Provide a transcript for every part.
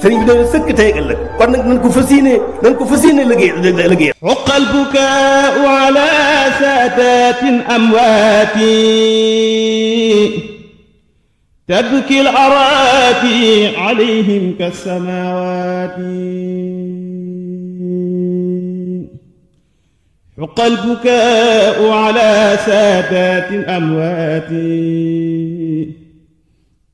sëriñ bi dana sëkk tey ak ëllëg kon nag nañ ko fas yéene nañ ko fas yéene liggéey liggéey uqa albukaau ala saadatin amwaati tabki al araati alayhim kasamawaati حق البكاء على سادات أمواتي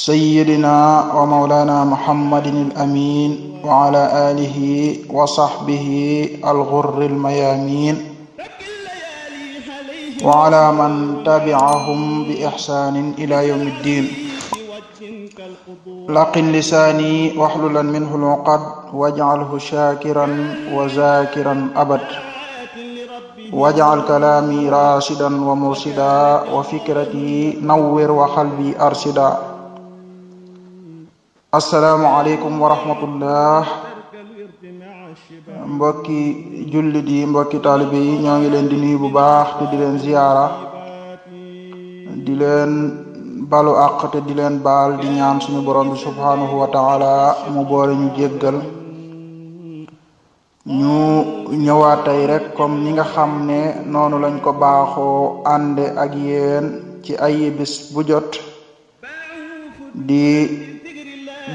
سيدنا ومولانا محمد الأمين وعلى آله وصحبه الغر الميامين وعلى من تبعهم بإحسان إلى يوم الدين لقن لساني واحللا منه العقد واجعله شاكرا وذاكرا أبد واجعل كلامي راشدا ومرشدا وفكرتي نور وقلبي أرشدا asalaamualeykum wa rahmatullah mbokki jullit yi mbokki taalibe yi ñoo ngi leen di nuyu bu baax te di leen ziyaara di leen balu àq te di leen baal di ñaan suñu borom bi subhanahu wa mu boole ñu jéggal ñu ñëwaat tey rek ñi nga xam ne noonu lañ ko baaxoo ànde ak yéen ci ay bis bu jot di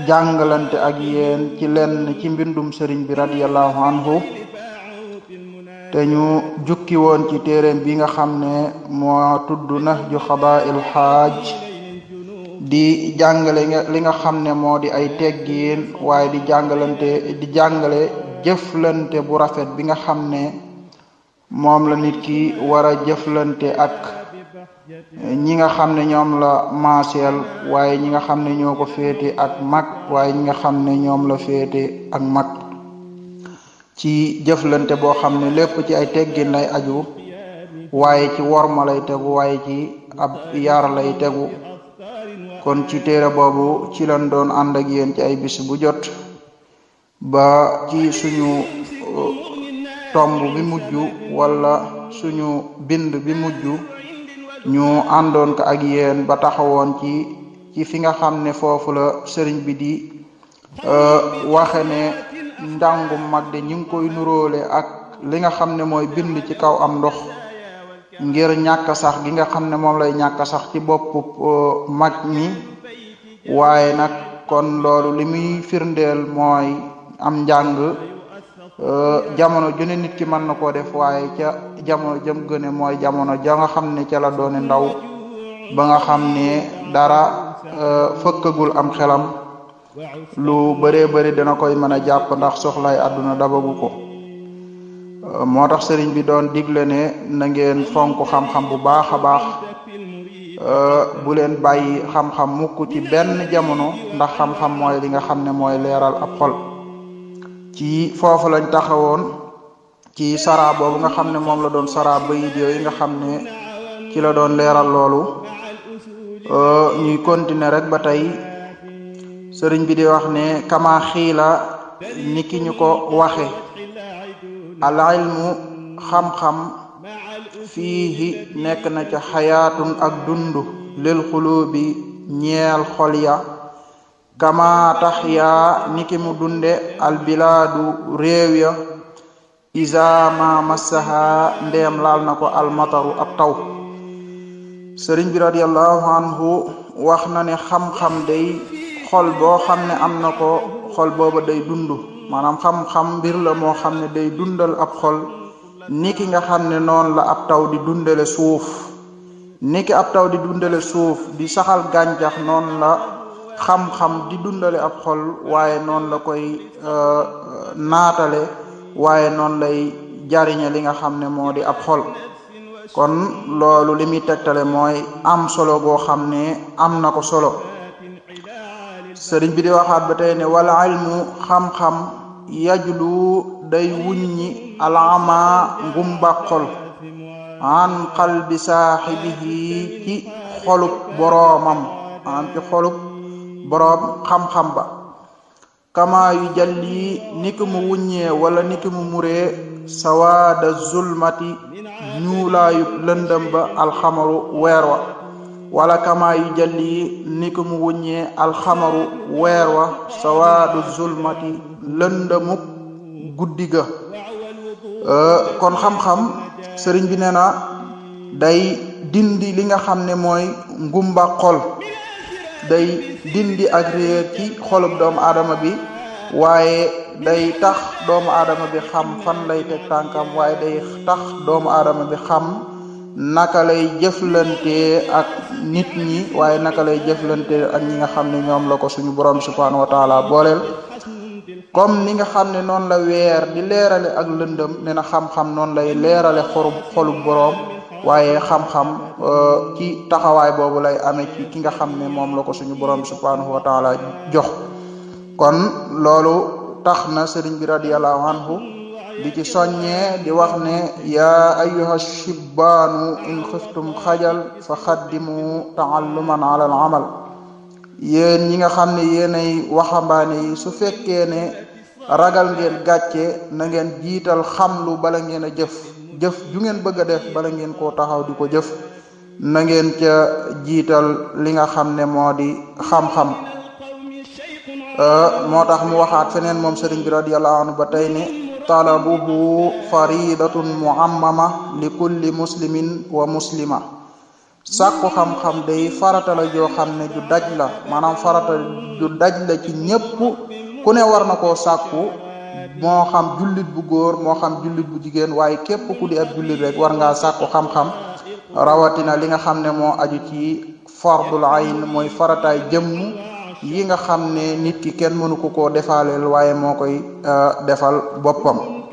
jàngalante ak yéen ci lenn ci mbindum sëriñ bi radiyallahu anhu te ñu jukki woon ci téeréem bi nga xam ne moo tudd Nahju Xadaa'il Haaj di jàngale li nga xam ne moo di ay teggiin waaye di jàngalante di jàngale jëflante bu rafet bi nga xam ne moom la nit ki wara a jëflante ak ñi nga xam ne ñoom la maaseel waaye ñi nga xam ne ñoo ko féete ak mag waaye ñi nga xam ne ñoom la féete ak mag ci jëflante boo xam ne lépp ci ay teggin lay aju waaye ci worma lay tegu waaye ci ab yar lay tegu kon ci téere boobu ci lañ doon ànd ak yéen ci ay bis bu jot ba ci suñu uh, tomb bi mujj wala suñu bind bi mujj ñu àndoon ko ak yéen ba taxawoon ci ci fi nga xam ne foofu la sëriñ bi di euh, waxe ne njàngum mat de ñu koy nuróole ak li nga xam ne mooy bind ci kaw am ndox ngir ñàkk sax gi nga xam ne moom lay ñàkk sax ci boppu euh, mag mi waaye nag kon loolu li muy firndeel mooy am njàng Euh, jamono ju nit ki mën na koo def waaye ca jamono jëm gëne mooy jamono ja nga xam ne ca la doone ndaw ba nga xam ne dara euh, fëkkagul am xelam lu bëree bëri dana koy mën a jàpp ndax soxlay àdduna dabagu ko euh, moo tax sëriñ bi doon digle ne na ngeen fonk xam-xam bu baax a baax bu leen bàyyi xam-xam mukk ci benn jamono ndax xam-xam mooy li nga xam ne mooy leeral ab xol ci foofu lañ taxawoon ci sara boobu nga xam ne moom la doon sara bayit yooyu nga xam ne ci la doon leeral loolu euh, ñuy continuer rek ba tey sëriñ bi di wax ne kama xiila ni ki ñu ko waxe al ilmu xam-xam fiihi nekk na ca xayaatun ak dund lil xulubi ñeel xolya kama taxya niki mu dunde albilaadu réew ya isa ma ndeem laal na ko almataru ab taw sëriñ bi radiallahu anhu wax na ne xam-xam day xol boo xam ne am na ko xol booba day dund maanaam xam-xam mbir la moo xam ne day dundal ab xol niki nga xam ne noonu la ab taw di dundale suuf niki ab taw di dundale suuf di saxal gàncax noonu la xam-xam di dundale ab xol waaye noonu la koy euh, naatale waaye noonu lay jariñe li nga xam ne moo di ab xol kon loolu li muy tegtale mooy am solo goo xam ne am na ko solo sëriñ bi di waxaat ba tey ne wala mu xam-xam yajlu day wuññi alama ngumba xol an qalbi saaxibihi ci xolub boroomam an ci boroom xam-xam ba kama yu jalli ni mu wuññee wala ni ki mu muree sawaada zulmati ñuulaayu lëndëm ba alxamaru weer wa wala kama yu jalli ni ki mu wuññee alxamaru weer wa sawaadu zulmati lëndëmuk guddi ga euh, kon xam-xam sëriñ bi nee na day dindi li nga xam ne mooy ngumba xol day dindi ak réer ci xolub doomu aadama bi waaye day tax doomu aadama bi xam fan lay teg tànkam waaye day tax doomu aadama bi xam naka lay jëflante ak nit ñi waaye naka lay jëflante ak ñi nga xam ne ñoom la ko suñu borom subhanahu wa booleel comme ni nga xam ne noonu la weer di leerale ak lëndëm ne na xam-xam noonu lay leerale xorub xolub boroom waaye xam-xam euh, ci taxawaay boobu lay amee ki nga xam ne moom la ko suñu borom bi subhanahu wa taala jox kon loolu tax na sëriñ bi radiallahu anhu di ci soññee di wax ne yaa ayyuha shibbaanu in xiftum xajal fa xaddimu taalluman ala al amal yéen ñi nga xam ne yéenay waxambaane yi su fekkee ne ragal ngeen gàcce na ngeen jiital xamlu bala ngeen a jëf jëf ju ngeen bëgg a def bala ngeen koo taxaw di ko jëf na ngeen ca jiital li nga xam ne moo di xam-xam euh, moo tax mu waxaat feneen moom sëriñ bi radiyallahu anhu ba tey ne talabuhu faridatun muammama li kulli muslimin wa muslima sàkku xam-xam day faratala la joo xam ne ju daj la maanaam farata ju daj la ci ñépp ku ne war na koo sàkku moo xam jullit bu góor moo xam jullit bu jigéen waaye képp ku di ab jullit rek war ngaa sàkku xam-xam rawatina li nga xam ne moo aju ci fardul ayn mooy farataay jëmm yi nga xam ne nit ki kenn mënu ko koo defaaleel waaye moo koy euh, defal boppam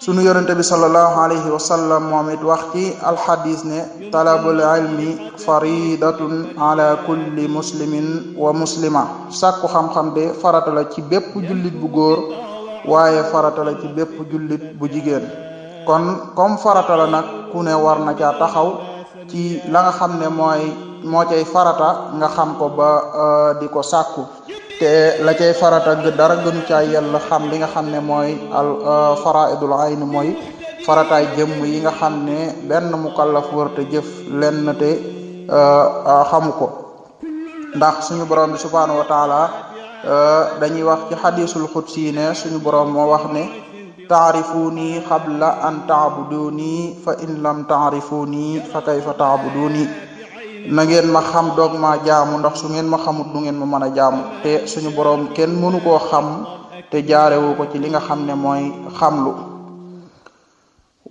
sunu yonente bi sallallahu alayhi wa sallam moom it wax ci alxadis ne talabul ilmi faridatun ala kulli muslimin wa muslima sàkku xam-xam de farata la ci bépp jullit bu góor waaye farata la ci bépp jullit bu jigéen kon kom faratala nag ku ne war na caa taxaw ci la nga xam ne mooy moo cay farata nga xam ko ba euh, di ko sàkku te la cay farata dara gënu caa yàlla xam li nga xam ne mooy al euh, faraidul ayn mooy farataay jëmm yi nga xam ne benn mukallaf war te jëf lenn te euh, xamu ko ndax suñu borom bi subhaanahu wa taala euh, dañuy wax ci xadisul xudsi ne suñu borom moo wax ne taarifuni qabla an taabuduni fa in lam taarifuni fa kayfa taabuduni na ma xam doog ma jaamu ndax su ngeen ma xamut du ngeen ma mën a jaamu te suñu boroom kenn mënu koo xam te jaarewu ko ci li nga xam ne mooy xamlu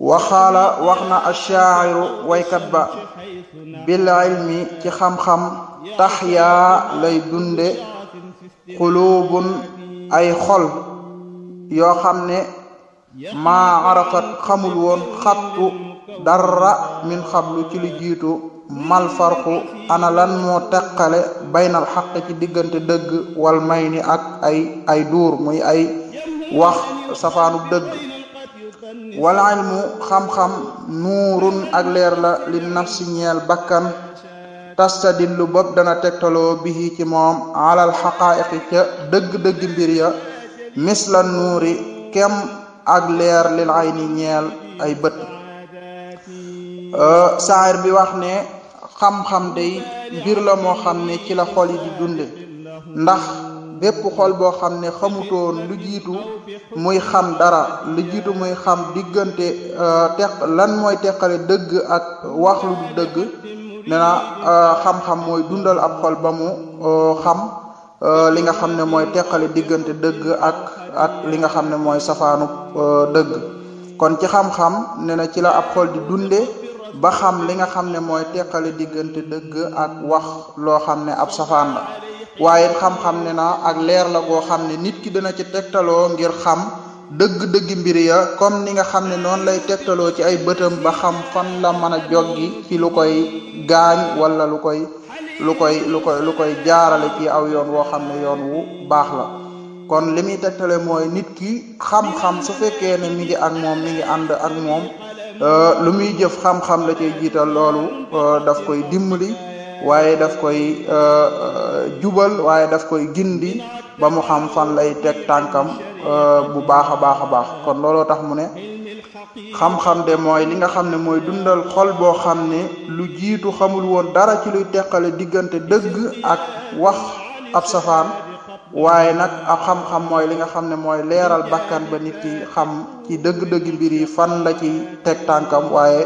waxaala wax na ashaa'iru waykat ba bil mi ci xam-xam taxyaa lay dunde xuluubun ay xol yoo xam ne ma arafat xamul woon xattu darra min xablu ci li jiitu mal farqu ana lan moo teqale baynal xaq ci diggante dëgg wal may ni ak ay ay duur muy ay wax safaanu dëgg wal ilmu xam-xam nuurun ak leer la li nafsi ñeel bakkan tastadillu bopp dana tegtaloo bihi ci moom alal xaqaayiqi ca dëgg-dëgg mbir ya misla nuuri kem ak leer lil ayni ñeel ay bët Euh, saar bi wax ne xam-xam day mbir la moo xam ne ci la xol yi di dunde ndax bépp xol boo xam ne xamutoon lu jiitu muy xam dara lu jiitu muy xam diggante euh, teq lan mooy teqale dëgg ak wax lu dëgg dana euh, xam-xam mooy dundal ab xol ba mu xam li nga xam ne mooy teqale diggante dëgg ak ak li nga xam ne mooy safaanu dëgg kon ci xam-xam ne ci la ab xol di dunde ba xam li nga xam ne mooy teqale diggante dëgg ak wax loo xam ne ab safaan la waaye xam-xam ne naa ak leer la goo xam ne nit ki dana ci tegtaloo ngir xam dëgg-dëgg mbir ya comme ni nga xam ne noonu lay tegtaloo ci ay bëtam ba xam fan la mën a joggi ci lu koy gaañ walla lu koy lu koy lu koy lu koy jaarale ci aw yoon woo xam ne yoon wu baax la kon limuy muy mooy nit ki xam-xam su fekkee ne mi ngi ak moom mi ngi ànd ak moom Euh, lu muy jëf xam-xam la cee jiital loolu euh, daf koy dimbali waaye daf koy euh, jubal waaye daf koy gindi ba mu xam fan lay teg tànkam bu baax a baax a baax kon looloo tax mu ne xam-xam de mooy li nga xam ne mooy dundal xol boo xam ne lu jiitu xamul woon dara ci luy teqale diggante dëgg ak wax ab safaan waaye nag ab xam-xam mooy li nga xam ne mooy leeral bakkan ba nit ki xam ci dëgg-dëgg mbir fan la ci teg tànkam waaye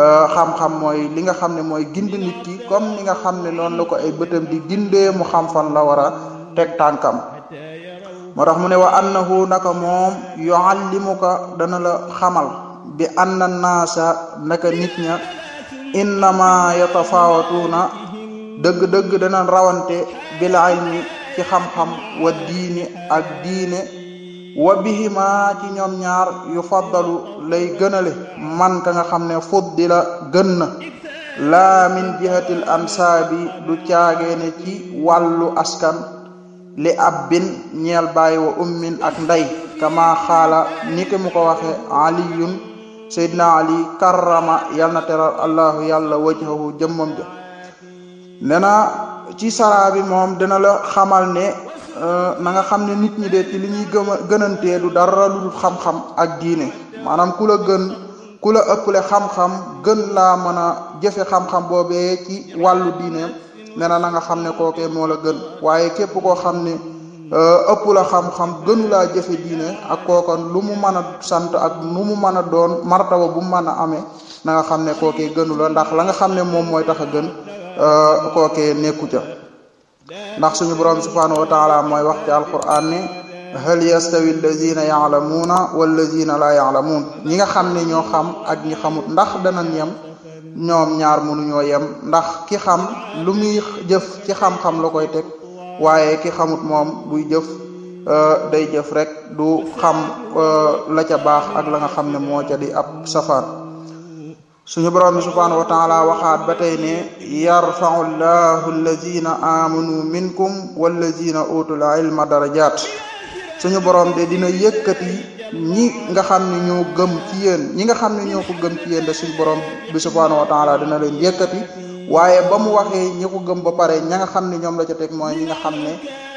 euh, xam-xam mooy li nga xam ne mooy gind nit ki comme ni nga xam ne noonu la ko ay bëtam di gindee mu xam fan la wara a teg tànkam moo tax mu ne wa annahu naka moom yuallimuka dana la xamal bi anna naasa naka nit ña innama yatafaawatuuna dëgg-dëgg dana rawante bil ilmi ci xam-xam wa diini ak diine wa bihimaa ci ñoom ñaar yu faddalu lay gënale man ka nga xam ne fuddi la gën na laa min jihatil ansaabi du caageene ci wallu askan li abbin ñeel baay wa ummin ak ndey kama xaala ni ki mu waxe aliyun seydna ali karrama yal na teral allahu yàlla wajhahu jëmmam ja nena ci saraa bi moom dina la xamal ne euh, na nga xam ne nit ñi de ci li ñuy gëm a gënantee du dara lu dul xam-xam ak diine maanaam ku la gën ku la ëpple xam gën laa mën a jëfe xam-xam ci wàllu diine nee na na nga xam ne kookee la gën waaye képp koo xam ne euh, ëpp la xam-xam gënu laa jëfe diine ak kookan lu mu mën a sant ak nu mu mën a doon martaba bu mu mën a amee na nga xam ne kookee gënu la ndax la nga xam ne moom mooy tax a gën Euh, kookee nekku ca ndax suñu borom subhaanahu wa taala mooy wax ci alquran ne hal yastawi allazina yaalamuuna wallazina laa yaalamuun ñi nga xam ne ñoo xam ak ñi xamut ndax danañ yem ñoom ñaar mënuñoo yem ndax ki xam lu muy jëf ci xam-xam la koy teg waaye ki xamut moom buy jëf euh, day jëf rek du xam euh, la ca baax ak la nga xam ne moo ca di ab safaan suñu borom bi subhanahu wa taala waxaat ba tey ne yarfau llahu allazina amanu minkum wallazina utul ilma darajat suñu borom de dina yëkkati ñi nga xam ne ñoo gëm ci yéen ñi nga xam ne ñoo ko gëm ci yéen de suñu borom bi subhanahu wa taala dina leen yëkkati waaye ba mu waxee ñi ko gëm ba pare ña nga xam ne ñoom la ca teg mooy ñi nga xam ne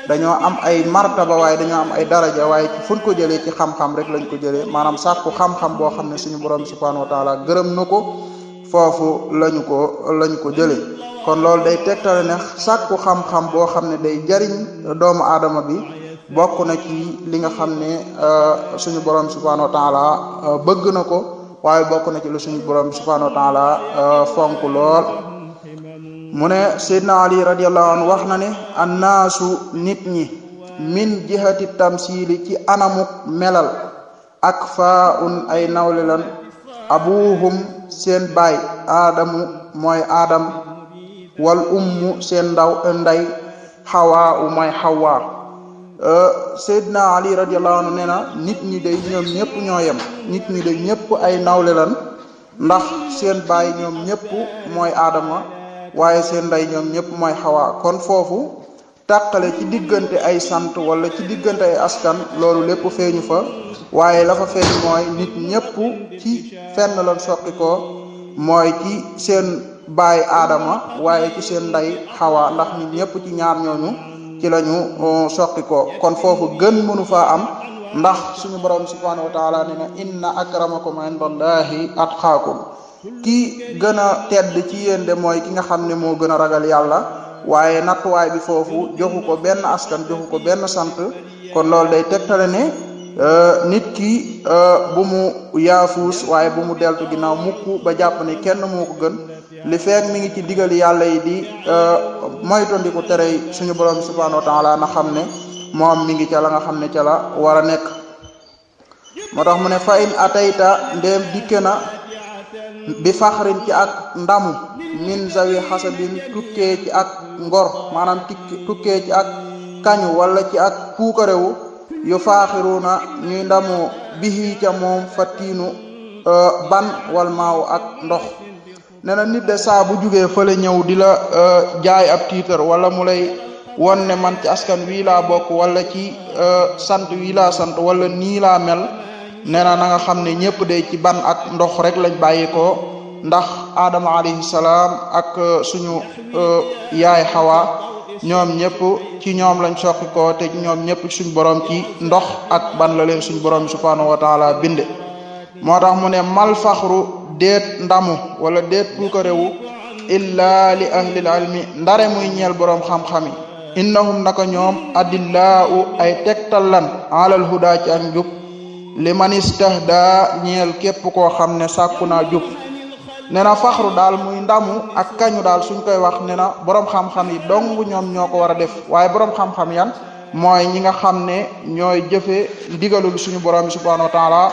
dañoo am ay martaba waaye dañoo am ay daraja waaye fuñ ko jëlee ci xam-xam rek lañ ko jëlee maanaam sàkku xam boo xam ne suñu borom subhanahu wa gërëm na ko foofu lañu ko lañ ko jëlee kon loolu day tegtale ne sàkku xam-xam boo xam ne day jariñ doomu aadama bi bokk na ci li nga xam ne euh, suñu borom subhanahu wa taala euh, bëgg na ko waaye bokk na ci lu suñu borom subhanahu wa taala euh, fonk lool mu ne seydna ali radiallahu anhu wax na ne annaasu nit ñi min jihati tamsili ci anamuk melal ak faa un ay nawle lan abuhum seen baay aadamu mooy aadam wal ummu seen ndaw nday xawaa u mooy xawaa euh, seydna ali radiallahu anhu nee na nit ñi day ñoom ñëpp ñoo nit ñi day ñëpp ay nawle lan ndax seen baay ñoom ñëpp mooy aadama waaye seen ndey ñoom ñëpp mooy xawaa kon foofu tàqale ci diggante ay sant wala ci diggante ay askan loolu lépp feeñu fa waaye lafa fa feeñ mooy nit ñëpp ci fenn lan soqi ko mooy ci seen baay aadama waaye ci seen ndey xawaa ndax nit ñëpp ci ñaar ñooñu ci lañu soqi ko kon foofu gën mënu faa am ndax suñu borom subhanahu wa taala ne na inna akramakum indallahi atqaakum ki gën a tedd ci yéen de mooy ki nga xam ne moo gën a ragal yàlla waaye nattuwaay bi foofu joxu ko benn askan joxu ko benn sant kon lool day tegtale ne euh, nit ki euh, bu mu yaafuus waaye bu mu deltu ginnaaw mukk ba jàpp ne kenn moo ko gën li feek mi ngi ci digal yàlla yi di euh, moytandiku tere suñu borom subhanahu wa taala na xam ne moom mi ngi ca la nga xam ne ca la war a nekk moo tax mu ne fa atayta ndéem dikke na bi faxrin ci ak ndamu min zawi xasabin tukkee ci ak ngor maanaam tukkee ci ak kañu wala ci ak puukarewu yu faaxiruna ñuy ndamoo bihi ca moom tiinu euh, ban wal maaw ak ndox nee nit de saa bu jugee fële ñëw di la euh, jaay ab tiitar wala mu lay won man ci askan wii laa bokk wala ci euh, sant wii laa sant wala nii laa mel nee na na xam ne ñëpp de ci ban ak ndox rek lañ bàyyi ko ndax Adama alayhi ak euh, suñu euh, yaay Hawa ñoom ñëpp ci ñoom lañ soqi te ñoom ñëpp suñu borom ci ndox ak ban la leen suñu borom subhaanahu wa taala binde moo tax mu ne mal faxru déet ndamu wala deet pour ko illa li ahlil ilmi ndare muy ñeel borom xam-xam yi innahum naka ñoom adillaa ay tegtal lan alal huda ci ak le manis man da ñeel képp koo xam ne sàkku naa jub nee na faxru daal muy ndamu ak kañu daal suñ koy wax nee na borom xam-xam yi dong ñoom ñoo ko war a def waaye borom xam-xam yan mooy ñi nga xam ne ñooy jëfe ndigalul suñu borom bi subhanahu wa taala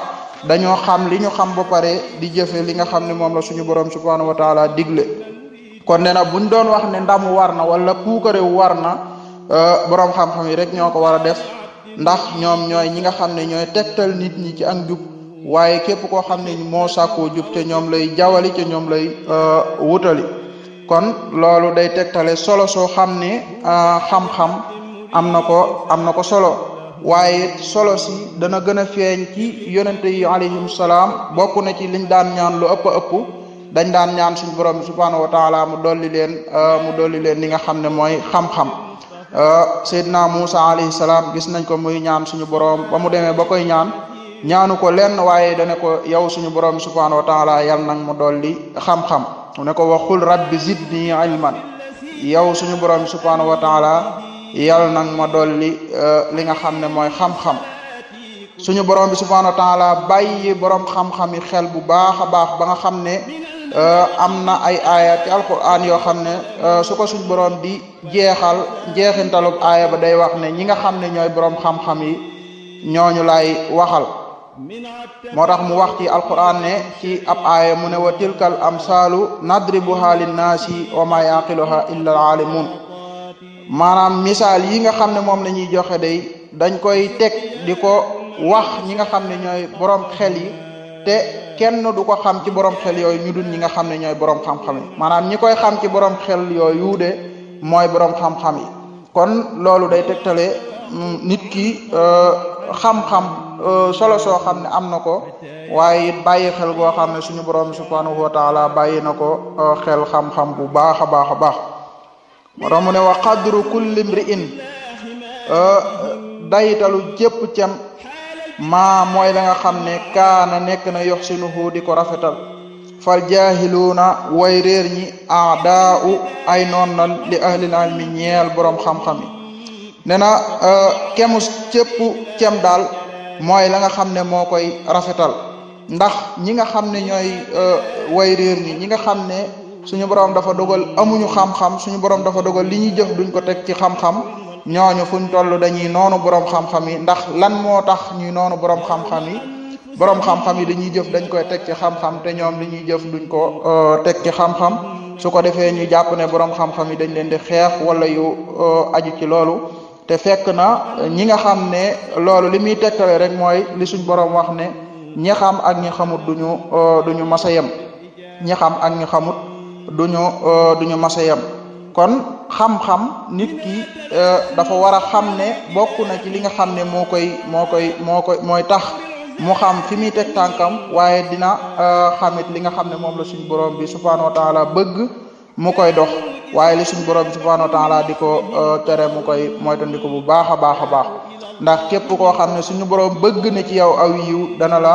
dañoo xam li ñu xam ba pare di jëfe li nga xam ne moom la suñu borom subhanahu wa taala digle kon nee na buñ doon wax ne ndamu war na wala puukarewu war na euh, borom xam-xam yi rek ñoo ko war a def ndax ñoom ñooy ñi nga xam ne ñooy tegtal nit ñi ci ak jub waaye képp koo xam ne moo sàkkoo jub te ñoom lay jawali te ñoom lay euh, wutali kon loolu day tegtale solo soo xam ne euh, xam-xam am na ko am na ko solo waaye solo si dana gën a feeñ ci yonente yi alayhim salaam bokk na ci liñ daan ñaan lu ëpp ëpp dañ daan ñaan suñu borom bi taala mu dolli leen euh, mu dolli leen li nga xam ne mooy xam-xam Euh, Seydina musa alayhi salaam gis nañ ko muy ñaan suñu borom ba mu demee ba koy ñaan ñaanu ko lenn waaye dane ko yow suñu borom subhaanahu wa taala yal nag mu dolli xam-xam mu ne ko waxul rabbi zidni ilman yow suñu borom subhaanahu wa taala yal nag ma dolli euh, li nga xam ne mooy xam-xam suñu borom bi subhaanahu wa taala bàyyi borom xam-xami xel bu baax a baax ba nga xam ne. Euh, am na ay aya ci alquran yoo xam ne euh, su ko suñ borom di jeexal jeexintalub aaya ba day wax ne ñi nga xam ne ñooy boroom xam-xam yi ñooñu lay waxal moo tax mu wax ci alquran ne ci ab aaya mu ne wa tilkal amsaalu nadribuha linnaasi wa ma yaqiluha illa alaalimun maanaam misaal yi nga xam ne moom la ñuy joxe day dañ koy teg di ko wax ñi nga xam ne ñooy borom xel yi te kenn du ko xam ci borom xel yooyu ñu dul ñi nga xam ne ñooy borom xam-xam yi ñi koy xam ci borom xel yooyu de mooy borom xam-xam kon loolu day tegtale mm, nit ki euh, xam-xam euh, solo soo xam ne am na ko waaye it bàyyi xel goo xam ne suñu borom subhanahu wa taala bàyyi na ko euh, xel xam-xam bu baax a baax a baax moo tax ne wa qadru kulli mri'in daytalu jépp cem maa mooy la nga xam ne kaana nekk na yox sinuhu di ko rafetal fal jaahiluuna way réer ñi adaa u ay noon na li ahlil ilmi ñeel borom xam-xam yi nee na euh, kemus cëpp cem daal mooy la nga xam ne moo koy rafetal ndax ñi nga xam ne ñooy euh, way réer ñi ñi nga xam ne suñu borom dafa dogal amuñu xam-xam suñu borom dafa dogal li ñuy jëf duñ ko teg ci xam-xam ñooñu fuñ toll dañuy noonu borom xam-xam yi ndax lan moo tax ñuy noonu borom xam-xam yi borom xam-xam yi dañuy jëf dañ koy teg ci xam-xam te ñoom li ñuy jëf duñ ko euh, teg ci xam-xam su ko defee ñu jàpp ne borom xam-xam yi dañ leen di xeex wala yu euh, aju ci loolu te fekk na ñi nga xam ne loolu li muy tegtale rek mooy li suñ borom wax ne ñi xam ak ñi xamut duñu euh, duñu masa yem ñi xam ak ñi xamut duñu duñu masa yem kon xam-xam nit ki euh, dafa war a xam ne bokk na ci li nga xam ne moo koy moo koy moo koy mooy tax mu xam fi muy teg tànkam waaye dina euh, xamit li nga xam ne moom la suñ borom bi subhanahu wa la bëgg mu koy dox waaye li suñ borom bi subhanahu wa di ko euh, tere mu koy moytandiku bu baax a baax a baax ndax képp koo xam ne suñu borom bëgg na ci yow aw yiw dana la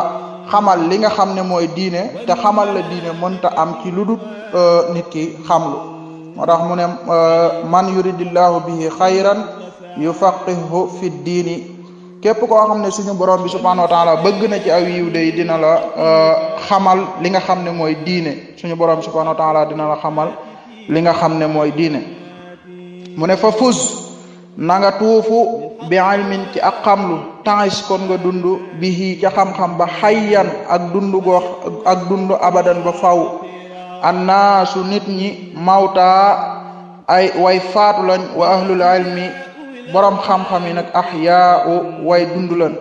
xamal li nga xam ne mooy diine te xamal la diine mënta am ci lu dul nit ki xamlu moo tax mu ne man yuridillahu bihi xayran yufaqihu fi diini képp koo xam ne suñu borom bi subhanahu wa bëgg na ci aw yiw day dina la xamal li nga xam ne mooy diine suñu borom bi dina la xamal li nga xam ne mooy diine mu ne fa fuz na nga tuufu bi ilmin ci ak xamlu temps kon nga dund bihi ca xam-xam ba xayan ak dund goo ak dund abadan ba faw annaasu nit ñi mawtaa ay way faatu lañ wa ahlul ilmi borom xam-xam yi nag ahyaau way dund lañ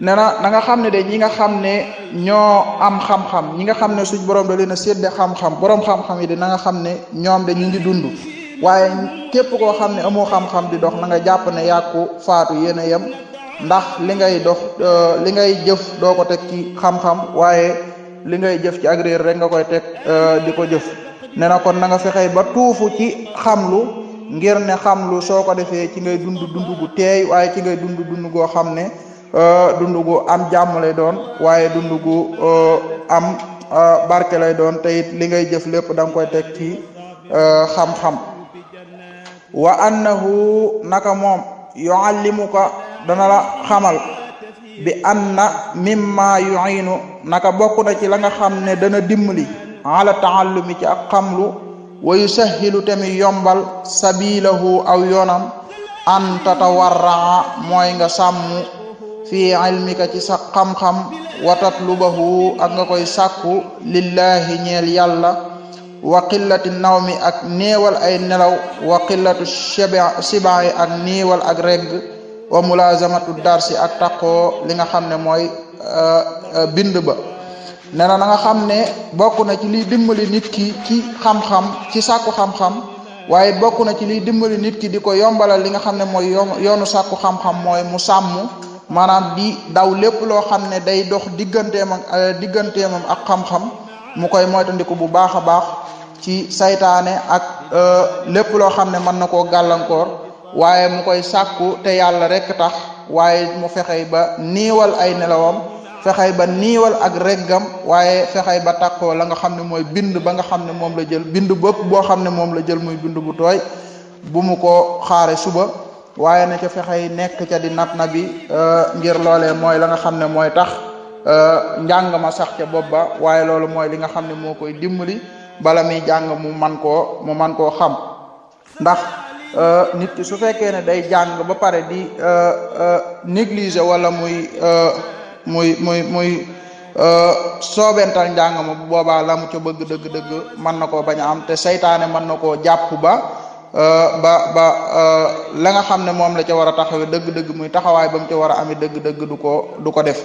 nee na xam ne de ñi nga xam ne ñoo am xam-xam ñi nga xam ne suñ borom da leen a sédde xam-xam borom xam-xam yi de na xam ne ñoom de ñu ngi waaye képp koo xam ne amoo xam-xam di dox na nga jàpp ne yàqu faatu yéen a yem ndax li ngay dox euh, li jëf doo ko xam-xam waaye. li ngay jëf ci agréer rek nga koy teg euh, di ko jëf ne na kon nanga nga fexey ba tuufu ci xamlu ngir ne xamlu soo ko defee ci ngay dund dund gu teey waaye ci ngay dund dund goo xam ne euh, dund gu am jàmm lay doon waaye dund gu euh, am barke lay doon te it li ngay jëf lépp da koy teg ci xam-xam wa annahu naka moom yuallimuka dana la xamal bi anna mimma yuinu naka bokk na ci la nga xam ne dana dimbali ala taallumi ci ak xamlu wa yusahilu tamit yombal sabilahu aw yoonam an tatawarraa mooy nga sàmm fii ilmika ci sa xam-xam wa tatlubahu ak nga koy sakku lillahi ñeel yàlla wa qillati nawmi ak néewal ay nelaw wa qillatu sibai ak néewal ak regg wa mulazamatu darsi ak taqoo li nga xam ne mooy euh, euh, bind ba nena na xam ne bokk na ci liy dimbali nit ki ci xam-xam ci sàkku xam-xam waaye bokk na ci liy dimbali nit ki di ko yombalal li nga xam ne mooy yoonu sàkku xam-xam mooy mu sàmm maanaam bi daw lépp loo xam ne day dox digganteem ak euh, digganteem ak xam-xam mu koy moytandiku bu baax a baax ci saytaane ak lépp loo xam ne mën na koo gàllankoor waaye mu koy sàkku te yàlla rek tax waaye mu fexey ba niiwal ay nelawam fexey ba niiwal ak reggam waaye fexey ba takkoo la nga xam ne mooy bind ba nga xam ne moom la jël bind bëpp boo xam ne moom la jël muy bind bu tooy bu mu ko xaare suba waaye na ca fexey nekk ca di nat na bi euh, ngir loolee mooy la nga xam ne mooy tax euh, njàng ma sax ca bopp ba waaye loolu mooy li nga xam ne moo koy dimbali bala muy jàng mu man koo mu man koo xam ndax Euh, nit ki su fekkee ne day jàng ba pare di euh, euh, négliger wala muy muy muy muy soobental njàng ma bu boobaa la mu ca bëgg dëgg-dëgg mën na koo bañ a am te seytaane mën na koo jàpp ba ba ba la nga xam ne moom la ca war a taxawee dëgg-dëgg muy taxawaay ba mu ci war a amee dëgg-dëgg du ko du ko def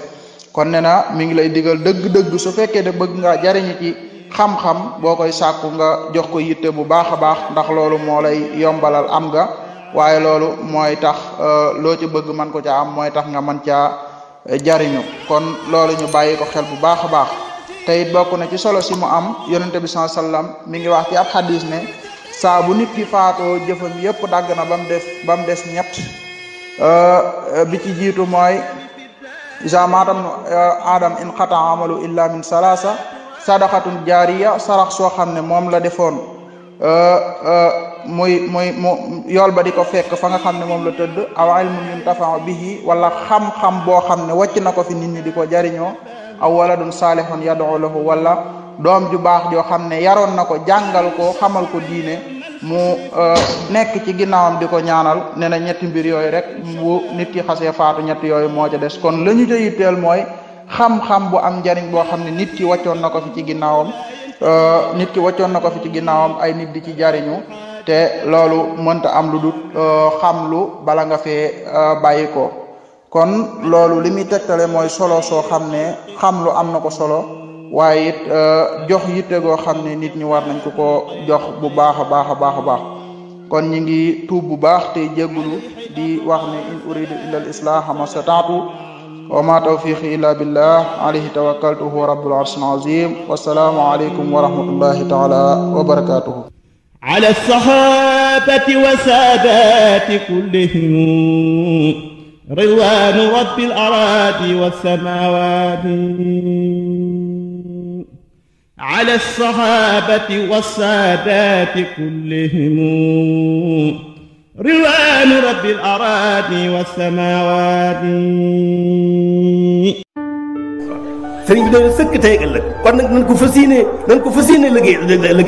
kon ne na ngi lay digal dëgg-dëgg su fekkee ne bëgg nga jariñu ci xam-xam boo koy sàkku nga jox ko yitte bu baax a baax ndax loolu moo lay yombalal am nga waaye loolu mooy tax euh, loo ci bëgg man ko caa am mooy tax nga man caa euh, jariñu kon loolu ñu bàyyi ko xel bu baax a baax te it bokk na ci solo si mu am yonente bi saa sallam mi ngi wax ci ab xadis ne saa bu nit ki faatoo jëfam yépp dagg na ba def ba mu des ñett euh, bi ci jiitu mooy isa maatam adam in xata amalu illa min salasa sadaxatun jaariya sarax soo xam ne moom la defoon euh, euh, muy muy mu yool ba di ko fekk fa nga xam ne moom la tëdd aw ilmun yuntafa'u bihi wala xam-xam boo xam ne wàcc na ko fi nit ñi di ko jariñoo aw waladun saalihun yad'u lahu wala doom ju baax joo xam ne yaroon na ko jàngal ko xamal ko diine mu euh, nekk ci ginnaawam di ko ñaanal nee na ñetti mbir yooyu rek bu nit ki xasee faatu ñetti yooyu moo ca des kon la ñu ca yitteel mooy xam-xam bu am njariñ boo xam ne nit ki wàccoon na ko fi ci ginnaawam euh, nit ki wàccoon na ko fi ci ginnaawam ay nit di ci jariñu te loolu mënta am lu dut euh, xam lu bala nga fee euh, bàyyi ko kon loolu li muy tegtale mooy solo soo xam ne xam lu am na ko solo waaye it jox yitte goo xam ne nit ñi war nañ ko ko jox bu baax a baax a baax a baax kon ñi ngi tuub bu baax te jéggulu di wax ne in uridu illa al islaha ma stata'tu wa ma tawfiqi illa billah alayhi tawakkaltuhu rabbul arshil azim wassalaamu aleykum wa rahmatullahi taala wa barakatuhu ala sahabati wa saadati kullihim ridwanu rabbil aradi wassamawati ala sahabati wa saadati kullihim riwaanu rabbil araadi wa samaawaati sëriñ bi de sëkk tey ëllëg kon nag nañ ko fas yéene nañ ko fas yéene liggéey liggéey